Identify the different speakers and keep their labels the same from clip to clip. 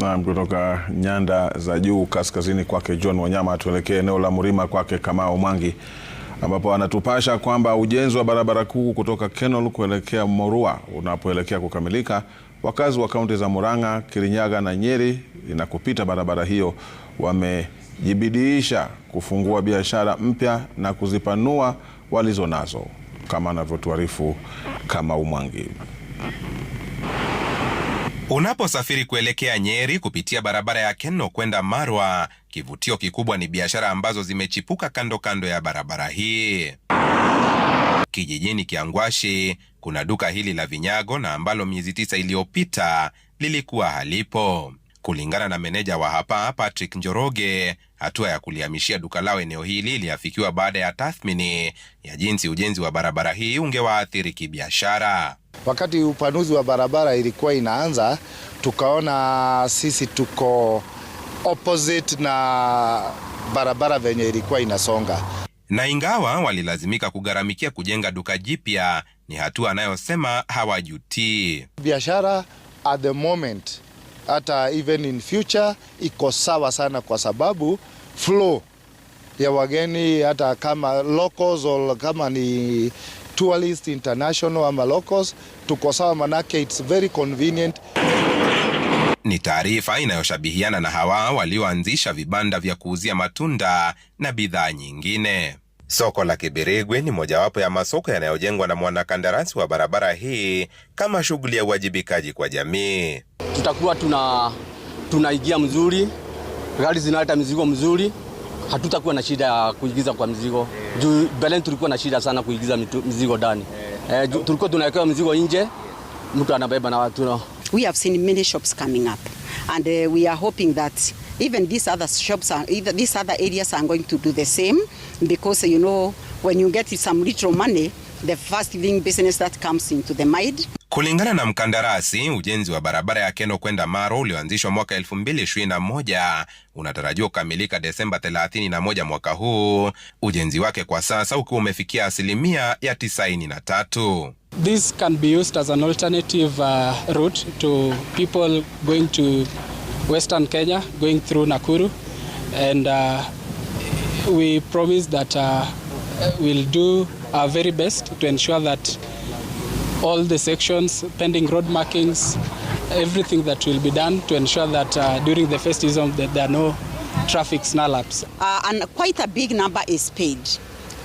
Speaker 1: Naam, kutoka nyanda za juu kaskazini kwake John Wanyama, tuelekee eneo la Mrima kwake Kamau Mwangi ambapo anatupasha kwamba ujenzi wa barabara kuu kutoka Kenol kuelekea Morua unapoelekea kukamilika, wakazi wa kaunti za Murang'a, Kirinyaga na Nyeri inakopita barabara hiyo wamejibidiisha kufungua biashara mpya na kuzipanua walizo nazo kama anavyotuarifu Kamau Mwangi.
Speaker 2: Unaposafiri kuelekea Nyeri kupitia barabara ya Kenno kwenda Marwa, kivutio kikubwa ni biashara ambazo zimechipuka kando kando ya barabara hii. Kijijini Kiangwashi kuna duka hili la vinyago na ambalo miezi tisa iliyopita lilikuwa halipo. Kulingana na meneja wa hapa Patrick Njoroge, hatua ya kulihamishia duka lao eneo hili iliafikiwa baada ya tathmini ya jinsi ujenzi wa barabara hii ungewaathiri kibiashara.
Speaker 3: Wakati upanuzi wa barabara ilikuwa inaanza, tukaona sisi tuko opposite na barabara venye ilikuwa inasonga,
Speaker 2: na ingawa walilazimika kugharamikia kujenga duka jipya, ni hatua anayosema hawajutii.
Speaker 3: Biashara at the moment hata even in future iko sawa sana, kwa sababu flow ya wageni hata kama locals or kama ni tourist international ama locals, tuko sawa, manake it's very convenient.
Speaker 2: Ni taarifa inayoshabihiana na hawa walioanzisha vibanda vya kuuzia matunda na bidhaa nyingine. Soko la Kibirigwi ni mojawapo ya masoko yanayojengwa na mwanakandarasi wa barabara hii kama shughuli ya uwajibikaji kwa jamii.
Speaker 4: Tutakuwa tuna tunaingia mzuri, gari zinaleta mizigo mzuri hatutakuwa na shida ya kuigiza kwa mzigo yeah. Juu Belen tulikuwa na shida sana kuigiza mzigo ndani yeah. Eh, eh tulikuwa tunawekewa mzigo nje, mtu anabeba na watu no.
Speaker 5: We have seen many shops coming up and uh, we are hoping that even these other shops are, either these other areas are going to do the same because you know when you get some little money the first thing business that comes into the mind
Speaker 2: Kulingana na mkandarasi, ujenzi wa barabara ya Keno kwenda Maro ulioanzishwa mwaka 2021 unatarajiwa kukamilika Desemba 31 mwaka huu, ujenzi wake kwa sasa ukiwa umefikia asilimia ya 93.
Speaker 6: This can be used as an alternative uh, route to people going to Western Kenya, going through Nakuru and uh, we promise that uh, we'll do our very best to ensure that all the sections, pending road markings, everything that will be done to ensure that uh, during the first season that there are no traffic snarl-ups.
Speaker 7: Uh, and quite a big number is paid.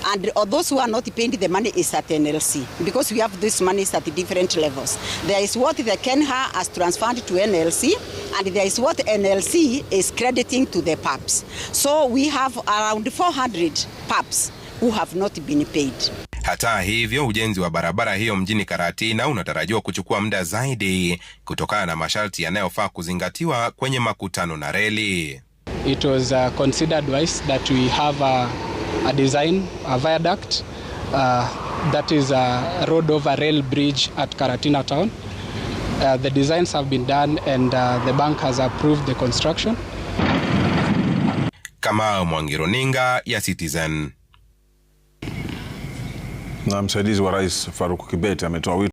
Speaker 7: And those who are not paid, the money is at NLC because we have this money at different levels. There is what the Kenha has transferred to NLC, and there is what NLC is crediting to the pubs. So we have around 400 pubs who have not been paid.
Speaker 2: Hata hivyo ujenzi wa barabara hiyo mjini Karatina unatarajiwa kuchukua muda zaidi kutokana na masharti yanayofaa kuzingatiwa kwenye makutano na reli.
Speaker 6: It was uh, considered wise that we have a, a design, a viaduct, uh, that is a uh, road over rail bridge at Karatina town. Uh, the designs have been done and uh, the bank has approved the construction.
Speaker 2: Kama Mwangi, Runinga ya Citizen. Na msaidizi wa Rais Faruku Kibete ametoa